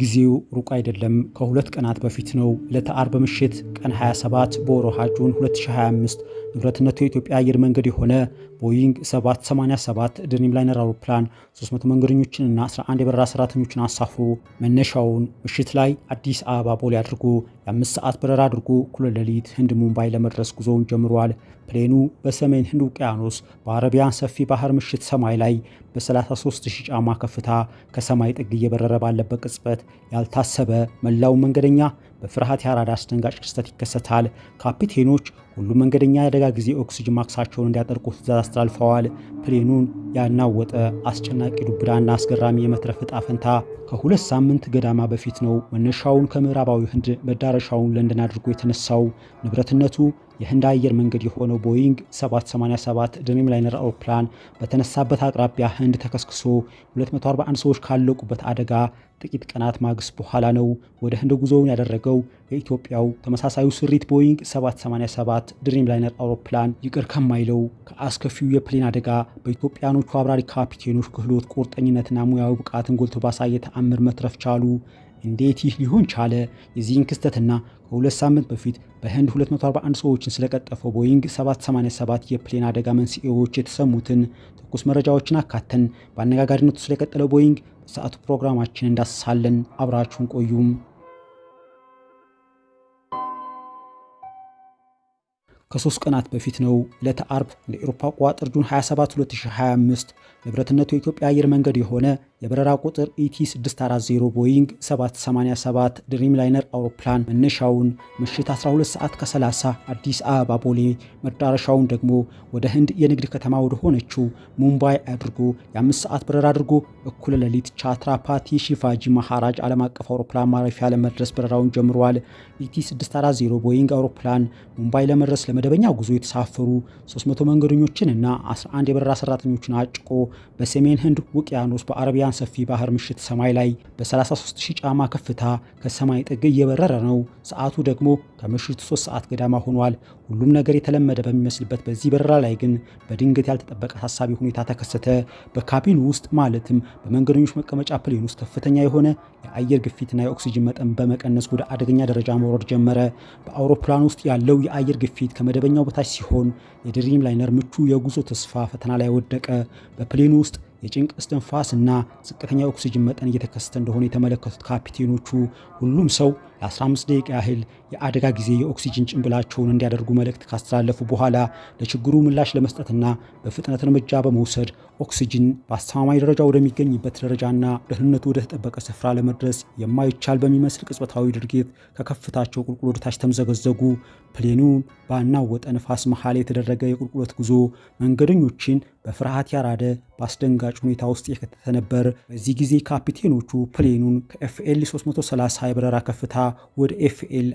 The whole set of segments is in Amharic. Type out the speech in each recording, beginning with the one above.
ጊዜው ሩቅ አይደለም። ከሁለት ቀናት በፊት ነው። ዕለተ ዓርብ ምሽት ቀን 27 በወርሃ ጁን 2025 ንብረትነቱ የኢትዮጵያ አየር መንገድ የሆነ ቦይንግ 787 ድሪምላይነር አውሮፕላን 300 መንገደኞችንና 11 የበረራ ሰራተኞችን አሳፍሮ መነሻውን ምሽት ላይ አዲስ አበባ ቦሌ አድርጎ የአምስት ሰዓት በረራ አድርጎ እኩለ ሌሊት ህንድ ሙምባይ ለመድረስ ጉዞውን ጀምሯል። ፕሌኑ በሰሜን ህንድ ውቅያኖስ በአረቢያን ሰፊ ባህር ምሽት ሰማይ ላይ በ 33000 ሺህ ጫማ ከፍታ ከሰማይ ጥግ እየበረረ ባለበት ቅጽበት ያልታሰበ መላው መንገደኛ በፍርሃት ያራዳ አስደንጋጭ ክስተት ይከሰታል። ካፒቴኖች ሁሉም መንገደኛ የአደጋ ጊዜ ኦክስጅን ማክሳቸውን እንዲያጠርቁ ትዕዛዝ አስተላልፈዋል። ፕሌኑን ያናወጠ አስጨናቂ ዱብዳና አስገራሚ የመትረፍ ዕጣ ፈንታ ከሁለት ሳምንት ገዳማ በፊት ነው መነሻውን ከምዕራባዊ ህንድ መዳረሻውን ለንደን አድርጎ የተነሳው። ንብረትነቱ የህንድ አየር መንገድ የሆነው ቦይንግ 787 ድሪም ላይነር አውሮፕላን በተነሳበት አቅራቢያ ህንድ ተከስክሶ 241 ሰዎች ካለቁበት አደጋ ጥቂት ቀናት ማግስት በኋላ ነው ወደ ህንድ ጉዞውን ያደረገው የኢትዮጵያው ተመሳሳዩ ስሪት ቦይንግ 787 ድሪም ላይነር አውሮፕላን ይቅር ከማይለው ከአስከፊው የፕሌን አደጋ በኢትዮጵያኖቹ አብራሪ ካፒቴኖች ክህሎት፣ ቁርጠኝነትና ሙያዊ ብቃትን ጎልቶ ባሳየ ተአምር መትረፍ ቻሉ። እንዴት ይህ ሊሆን ቻለ? የዚህን ክስተትና ከሁለት ሳምንት በፊት በህንድ 241 ሰዎችን ስለቀጠፈው ቦይንግ 787 የፕሌን አደጋ መንስኤዎች የተሰሙትን ትኩስ መረጃዎችን አካተን በአነጋጋሪነቱ ስለቀጠለው ቦይንግ በሰዓቱ ፕሮግራማችን እንዳስሳለን። አብራችሁን ቆዩም። ከሶስት ቀናት በፊት ነው ለተአርብ አርብ እንደ ኤሮፓ አቆጣጠር ጁን 27 2025 ንብረትነቱ የኢትዮጵያ አየር መንገድ የሆነ የበረራ ቁጥር ኢቲ 640 ቦይንግ 787 ድሪም ላይነር አውሮፕላን መነሻውን ምሽት 12 ሰዓት ከ30 አዲስ አበባ ቦሌ መዳረሻውን ደግሞ ወደ ህንድ የንግድ ከተማ ወደ ሆነችው ሙምባይ አድርጎ የአምስት ሰዓት በረራ አድርጎ እኩለ ሌሊት ቻትራፓቲ ሺቫጂ ማሃራጅ ዓለም አቀፍ አውሮፕላን ማረፊያ ለመድረስ በረራውን ጀምሯል። ኢቲ 640 ቦይንግ አውሮፕላን ሙምባይ ለመድረስ ለመደበኛ ጉዞ የተሳፈሩ 300 መንገደኞችን እና 11 የበረራ ሰራተኞችን አጭቆ በሰሜን ህንድ ውቅያኖስ በአረቢያ በጣም ሰፊ ባህር ምሽት ሰማይ ላይ በ33000 ጫማ ከፍታ ከሰማይ ጥግ እየበረረ ነው። ሰዓቱ ደግሞ ከምሽቱ 3 ሰዓት ገዳማ ሆኗል። ሁሉም ነገር የተለመደ በሚመስልበት በዚህ በረራ ላይ ግን በድንገት ያልተጠበቀ አሳሳቢ ሁኔታ ተከሰተ። በካቢኑ ውስጥ ማለትም በመንገደኞች መቀመጫ ፕሌን ውስጥ ከፍተኛ የሆነ የአየር ግፊትና የኦክሲጅን መጠን በመቀነስ ወደ አደገኛ ደረጃ መውረድ ጀመረ። በአውሮፕላን ውስጥ ያለው የአየር ግፊት ከመደበኛው በታች ሲሆን የድሪም ላይነር ምቹ የጉዞ ተስፋ ፈተና ላይ ወደቀ። በፕሌኑ ውስጥ የጭንቅ እስትንፋስ እና ዝቅተኛ ኦክሲጅን መጠን እየተከሰተ እንደሆነ የተመለከቱት ካፒቴኖቹ ሁሉም ሰው ለ15 ደቂቃ ያህል የአደጋ ጊዜ የኦክሲጅን ጭንብላቸውን እንዲያደርጉ መልእክት ካስተላለፉ በኋላ ለችግሩ ምላሽ ለመስጠትና በፍጥነት እርምጃ በመውሰድ ኦክሲጅን በአስተማማኝ ደረጃ ወደሚገኝበት ደረጃና ደህንነቱ ወደ ተጠበቀ ስፍራ ለመድረስ የማይቻል በሚመስል ቅጽበታዊ ድርጊት ከከፍታቸው ቁልቁል ወደታች ተምዘገዘጉ። ፕሌኑ ባናወጠ ነፋስ መሃል የተደረገ የቁልቁለት ጉዞ መንገደኞችን በፍርሃት ያራደ በአስደንጋጭ ሁኔታ ውስጥ የከተተ ነበር። በዚህ ጊዜ ካፒቴኖቹ ፕሌኑን ከኤፍኤል 330 የበረራ ከፍታ ወደ ኤፍኤል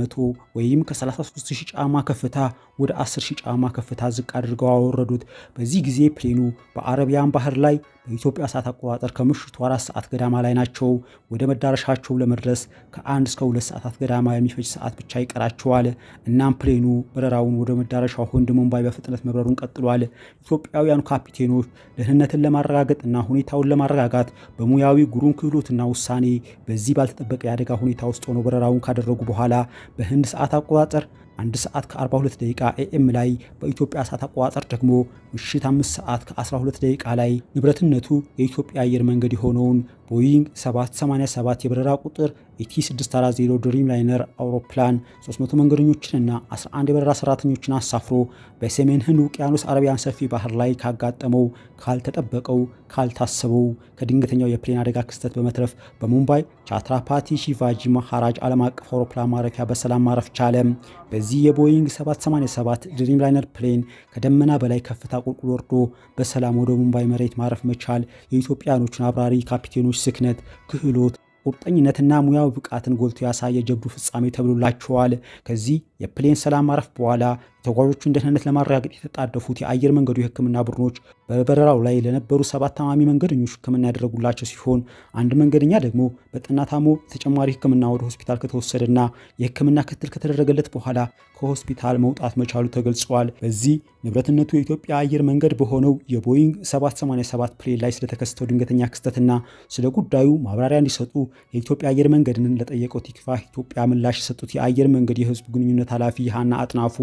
100 ወይም ከ33000 ጫማ ከፍታ ወደ 10000 ጫማ ከፍታ ዝቅ አድርገው አወረዱት። በዚህ ጊዜ ፕሌኑ በአረቢያን ባህር ላይ በኢትዮጵያ ሰዓት አቆጣጠር ከምሽቱ አራት ሰዓት ገዳማ ላይ ናቸው። ወደ መዳረሻቸው ለመድረስ ከአንድ እስከ ሁለት ሰዓታት ገዳማ የሚፈጅ ሰዓት ብቻ ይቀራቸዋል። እናም ፕሌኑ በረራውን ወደ መዳረሻው ህንድ ሙምባይ በፍጥነት መብረሩን ቀጥሏል። ኢትዮጵያውያኑ ካፒቴኖች ደህንነትን ለማረጋገጥና ሁኔታውን ለማረጋጋት በሙያዊ ጉሩን ክህሎትና ውሳኔ በዚህ ባልተጠበቀ የአደጋ ሁኔታ ውስጥ ሆኖ በረራውን ካደረጉ በኋላ በህንድ ሰዓት አቆጣጠር አንድ ሰዓት ከ42 ደቂቃ ኤኤም ላይ በኢትዮጵያ ሰዓት አቆጣጠር ደግሞ ምሽት 5 ሰዓት ከ12 ደቂቃ ላይ ንብረትነቱ የኢትዮጵያ አየር መንገድ የሆነውን ቦይንግ 787 የበረራ ቁጥር ኢቲ 640 ድሪም ላይነር አውሮፕላን 300 መንገደኞችንና 11 የበረራ ሰራተኞችን አሳፍሮ በሰሜን ህንድ ውቅያኖስ አረቢያን ሰፊ ባህር ላይ ካጋጠመው ካልተጠበቀው ካልታሰበው ከድንገተኛው የፕሌን አደጋ ክስተት በመትረፍ በሙምባይ ቻትራፓቲ ሺቫጂ መሃራጅ ዓለም አቀፍ አውሮፕላን ማረፊያ በሰላም ማረፍ ቻለ። በዚህ የቦይንግ 787 ድሪም ላይነር ፕሌን ከደመና በላይ ከፍታ ቁልቁል ወርዶ በሰላም ወደ ሙምባይ መሬት ማረፍ መቻል የኢትዮጵያኖቹን አብራሪ ካፒቴኖች ስክነት፣ ክህሎት ቁርጠኝነትና ሙያዊ ብቃትን ጎልቶ ያሳየ ጀብዱ ፍጻሜ ተብሎላቸዋል። ከዚህ የፕሌን ሰላም ማረፍ በኋላ የተጓዦቹን ደህንነት ለማረጋገጥ የተጣደፉት የአየር መንገዱ የሕክምና ቡድኖች በበረራው ላይ ለነበሩ ሰባት ታማሚ መንገደኞች ሕክምና ያደረጉላቸው ሲሆን አንድ መንገደኛ ደግሞ በጠና ታሞ ተጨማሪ ሕክምና ወደ ሆስፒታል ከተወሰደና የሕክምና ክትል ከተደረገለት በኋላ ከሆስፒታል መውጣት መቻሉ ተገልጿል። በዚህ ንብረትነቱ የኢትዮጵያ አየር መንገድ በሆነው የቦይንግ 787 ፕሌን ላይ ስለተከሰተው ድንገተኛ ክስተትና ስለ ጉዳዩ ማብራሪያ እንዲሰጡ የኢትዮጵያ አየር መንገድን ለጠየቀው ቲክፋ ኢትዮጵያ ምላሽ የሰጡት የአየር መንገድ የህዝብ ግንኙነት ኃላፊ ሀና አጥናፉ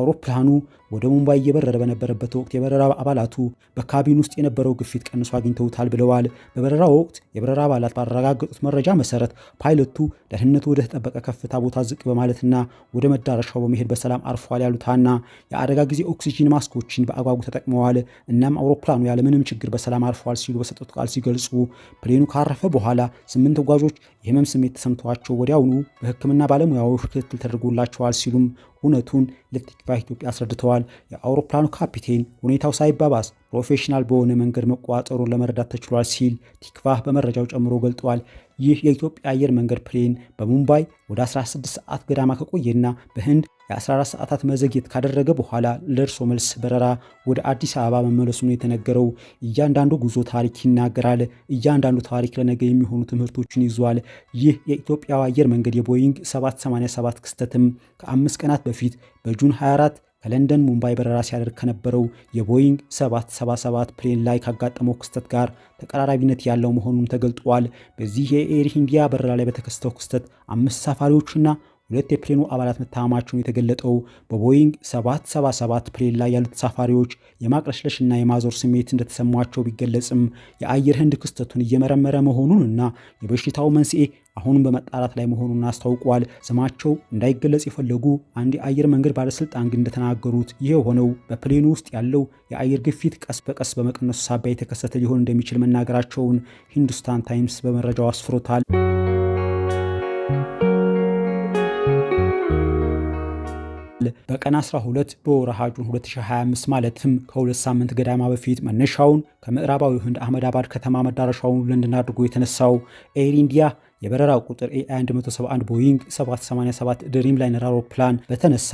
አውሮፕላኑ ወደ ሙምባይ እየበረረ በነበረበት ወቅት የበረራ አባላቱ በካቢን ውስጥ የነበረው ግፊት ቀንሶ አግኝተውታል ብለዋል። በበረራ ወቅት የበረራ አባላት ባረጋገጡት መረጃ መሰረት ፓይለቱ ደህንነቱ ወደ ተጠበቀ ከፍታ ቦታ ዝቅ በማለትና ወደ መዳረሻው በመሄድ በሰላም አርፏል ያሉት ሀና የአደጋ ጊዜ ኦክሲጂን ማስኮችን በአጓጉ ተጠቅመዋል። እናም አውሮፕላኑ ያለምንም ችግር በሰላም አርፏል ሲሉ በሰጡት ቃል ሲገልጹ ፕሌኑ ካረፈ በኋላ ስምንት ተጓዦች የህመም ስሜት ተሰምተዋቸው ወዲያውኑ በሕክምና ባለሙያዎች ክትትል ተደርጎላቸዋል ሲሉም እውነቱን ለቲክቫህ ኢትዮጵያ አስረድተዋል። የአውሮፕላኑ ካፒቴን ሁኔታው ሳይባባስ ፕሮፌሽናል በሆነ መንገድ መቋጠሩን ለመረዳት ተችሏል ሲል ቲክቫህ በመረጃው ጨምሮ ገልጧል። ይህ የኢትዮጵያ አየር መንገድ ፕሌን በሙምባይ ወደ 16 ሰዓት ገዳማ ከቆየና በህንድ የ14 ሰዓታት መዘግየት ካደረገ በኋላ ለእርሶ መልስ በረራ ወደ አዲስ አበባ መመለሱ ነው የተነገረው። እያንዳንዱ ጉዞ ታሪክ ይናገራል። እያንዳንዱ ታሪክ ለነገ የሚሆኑ ትምህርቶችን ይዟል። ይህ የኢትዮጵያ አየር መንገድ የቦይንግ 787 ክስተትም ከአምስት ቀናት በፊት በጁን 24 ከለንደን ሙምባይ በረራ ሲያደርግ ከነበረው የቦይንግ 777 ፕሌን ላይ ካጋጠመው ክስተት ጋር ተቀራራቢነት ያለው መሆኑም ተገልጧል። በዚህ የኤር ኢንዲያ በረራ ላይ በተከሰተው ክስተት አምስት ሳፋሪዎችና። ሁለት የፕሌኑ አባላት መታመማቸውን የተገለጠው በቦይንግ 777 ፕሌን ላይ ያሉ ተሳፋሪዎች የማቅለሽለሽና የማዞር ስሜት እንደተሰማቸው ቢገለጽም የአየር ህንድ ክስተቱን እየመረመረ መሆኑን እና የበሽታው መንስኤ አሁንም በመጣራት ላይ መሆኑን አስታውቋል። ስማቸው እንዳይገለጽ የፈለጉ አንድ የአየር መንገድ ባለስልጣን ግን እንደተናገሩት ይህ የሆነው በፕሌኑ ውስጥ ያለው የአየር ግፊት ቀስ በቀስ በመቀነሱ ሳቢያ የተከሰተ ሊሆን እንደሚችል መናገራቸውን ሂንዱስታን ታይምስ በመረጃው አስፍሮታል። በቀን 12 በወርሃ ጁን 2025 ማለትም ከሁለት ሳምንት ገዳማ በፊት መነሻውን ከምዕራባዊ ህንድ አህመዳባድ ከተማ መዳረሻውን ለንደን አድርጎ የተነሳው ኤር ኢንዲያ የበረራ ቁጥር ኤ171 ቦይንግ 787 ድሪም ላይነር አውሮፕላን በተነሳ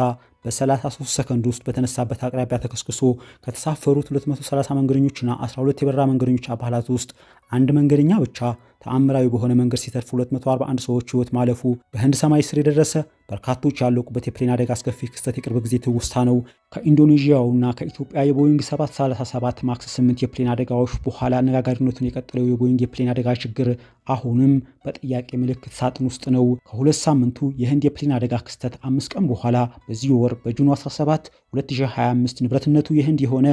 በ33 ሰከንድ ውስጥ በተነሳበት አቅራቢያ ተከስክሶ ከተሳፈሩት 230 መንገደኞችና 12 የበረራ መንገደኞች አባላት ውስጥ አንድ መንገደኛ ብቻ ተአምራዊ በሆነ መንገድ ሲተርፍ 241 ሰዎች ህይወት ማለፉ በህንድ ሰማይ ስር የደረሰ በርካቶች ያለቁበት የፕሌን አደጋ አስከፊ ክስተት የቅርብ ጊዜ ትውስታ ነው። ከኢንዶኔዥያውና ከኢትዮጵያ የቦይንግ 737 ማክስ 8 የፕሌን አደጋዎች በኋላ አነጋጋሪነቱን የቀጠለው የቦይንግ የፕሌን አደጋ ችግር አሁንም በጥያቄ ምልክት ሳጥን ውስጥ ነው። ከሁለት ሳምንቱ የህንድ የፕሌን አደጋ ክስተት አምስት ቀን በኋላ በዚህ ወር በጁን 17 2025 ንብረትነቱ የህንድ የሆነ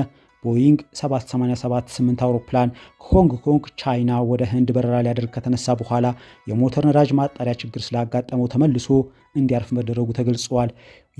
ቦይንግ 7878 አውሮፕላን ሆንግ ኮንግ ቻይና ወደ ህንድ በረራ ሊያደርግ ከተነሳ በኋላ የሞተር ነዳጅ ማጣሪያ ችግር ስላጋጠመው ተመልሶ እንዲያርፍ መደረጉ ተገልጸዋል።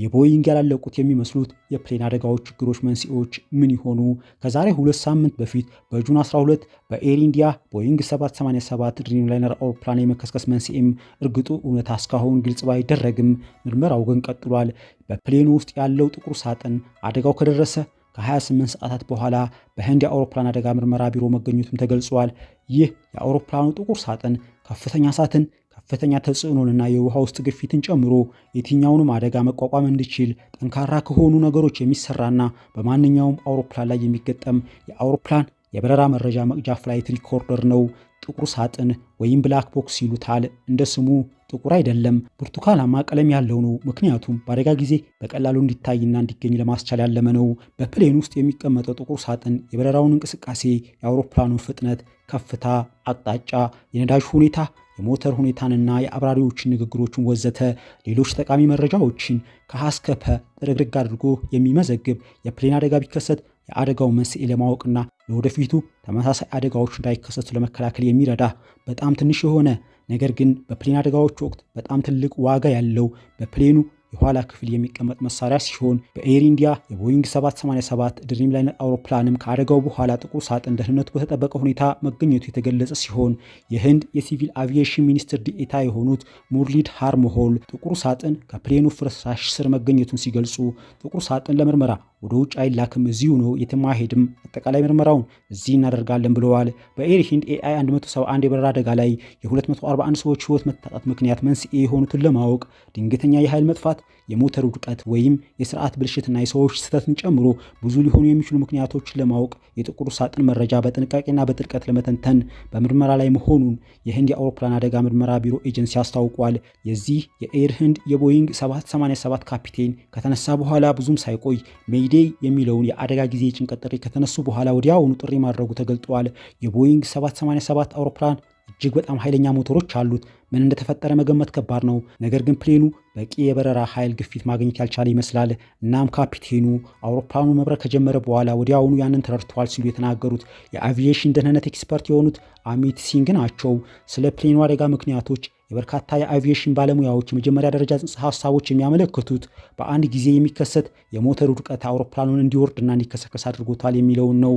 የቦይንግ ያላለቁት የሚመስሉት የፕሌን አደጋዎች ችግሮች መንስኤዎች ምን ይሆኑ? ከዛሬ ሁለት ሳምንት በፊት በጁን 12 በኤር ኢንዲያ ቦይንግ 787 ድሪምላይነር አውሮፕላን የመከስከስ መንስኤም እርግጡ እውነት እስካሁን ግልጽ ባይደረግም ምርመራው ግን ቀጥሏል። በፕሌኑ ውስጥ ያለው ጥቁር ሳጥን አደጋው ከደረሰ ከ28 ሰዓታት በኋላ በህንድ የአውሮፕላን አደጋ ምርመራ ቢሮ መገኘቱም ተገልጿል። ይህ የአውሮፕላኑ ጥቁር ሳጥን ከፍተኛ ሳትን ከፍተኛ ተጽዕኖንና የውሃ ውስጥ ግፊትን ጨምሮ የትኛውንም አደጋ መቋቋም እንዲችል ጠንካራ ከሆኑ ነገሮች የሚሰራና በማንኛውም አውሮፕላን ላይ የሚገጠም የአውሮፕላን የበረራ መረጃ መቅጃ ፍላይት ሪኮርደር ነው። ጥቁር ሳጥን ወይም ብላክ ቦክስ ይሉታል እንደ ስሙ ጥቁር አይደለም፣ ብርቱካናማ ቀለም ያለው ነው። ምክንያቱም በአደጋ ጊዜ በቀላሉ እንዲታይና እንዲገኝ ለማስቻል ያለመ ነው። በፕሌን ውስጥ የሚቀመጠው ጥቁር ሳጥን የበረራውን እንቅስቃሴ፣ የአውሮፕላኑን ፍጥነት፣ ከፍታ፣ አቅጣጫ፣ የነዳጅ ሁኔታ የሞተር ሁኔታንና የአብራሪዎችን ንግግሮችን ወዘተ ሌሎች ጠቃሚ መረጃዎችን ከሀስከፐ ጥርግርግ አድርጎ የሚመዘግብ የፕሌን አደጋ ቢከሰት የአደጋው መንስኤ ለማወቅና ለወደፊቱ ተመሳሳይ አደጋዎች እንዳይከሰቱ ለመከላከል የሚረዳ በጣም ትንሽ የሆነ ነገር ግን በፕሌን አደጋዎች ወቅት በጣም ትልቅ ዋጋ ያለው በፕሌኑ የኋላ ክፍል የሚቀመጥ መሳሪያ ሲሆን በኤር ኢንዲያ የቦይንግ 787 ድሪም ላይነር አውሮፕላንም ከአደጋው በኋላ ጥቁር ሳጥን ደህንነቱ በተጠበቀ ሁኔታ መገኘቱ የተገለጸ ሲሆን የህንድ የሲቪል አቪዬሽን ሚኒስትር ዲኤታ የሆኑት ሙርሊድ ሃርሞሆል ጥቁር ሳጥን ከፕሌኑ ፍርስራሽ ስር መገኘቱን ሲገልጹ ጥቁር ሳጥን ለምርመራ ወደ ውጭ አይላክም፣ እዚሁ ነው፣ የትም አይሄድም፣ አጠቃላይ ምርመራውን እዚህ እናደርጋለን ብለዋል። በኤር ሂንድ ኤአይ 171 የበረራ አደጋ ላይ የ241 ሰዎች ህይወት መታጣት ምክንያት መንስኤ የሆኑትን ለማወቅ ድንገተኛ የኃይል መጥፋት የሞተር ውድቀት ወይም የስርዓት ብልሽትና የሰዎች ስህተትን ጨምሮ ብዙ ሊሆኑ የሚችሉ ምክንያቶችን ለማወቅ የጥቁር ሳጥን መረጃ በጥንቃቄና በጥልቀት ለመተንተን በምርመራ ላይ መሆኑን የህንድ የአውሮፕላን አደጋ ምርመራ ቢሮ ኤጀንሲ አስታውቋል። የዚህ የኤር ህንድ የቦይንግ 787 ካፒቴን ከተነሳ በኋላ ብዙም ሳይቆይ ሜይዴይ የሚለውን የአደጋ ጊዜ የጭንቀት ጥሪ ከተነሱ በኋላ ወዲያውኑ ጥሪ ማድረጉ ተገልጧል። የቦይንግ 787 አውሮፕላን እጅግ በጣም ኃይለኛ ሞተሮች አሉት። ምን እንደተፈጠረ መገመት ከባድ ነው። ነገር ግን ፕሌኑ በቂ የበረራ ኃይል ግፊት ማግኘት ያልቻለ ይመስላል። እናም ካፒቴኑ አውሮፕላኑ መብረር ከጀመረ በኋላ ወዲያውኑ ያንን ተረድተዋል ሲሉ የተናገሩት የአቪዬሽን ደህንነት ኤክስፐርት የሆኑት አሚት ሲንግ ናቸው። ስለ ፕሌኑ አደጋ ምክንያቶች የበርካታ የአቪዬሽን ባለሙያዎች የመጀመሪያ ደረጃ ጽንሰ ሀሳቦች የሚያመለክቱት በአንድ ጊዜ የሚከሰት የሞተር ውድቀት አውሮፕላኑን እንዲወርድና እንዲከሰከስ አድርጎታል የሚለውን ነው።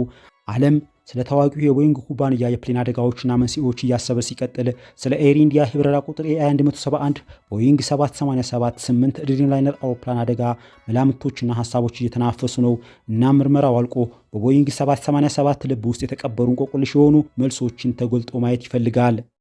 ዓለም ስለ ታዋቂው የቦይንግ ኩባንያ የፕሌን አደጋዎችና መንስኤዎች እያሰበ ሲቀጥል ስለ ኤር ኢንዲያ የበረራ ቁጥር ኤአይ171 ቦይንግ 7878 ድሪምላይነር አውሮፕላን አደጋ መላምቶችና ሀሳቦች እየተናፈሱ ነው። እናም ምርመራው አልቆ በቦይንግ 787 ልብ ውስጥ የተቀበሩ እንቆቅልሽ የሆኑ መልሶችን ተጎልጦ ማየት ይፈልጋል።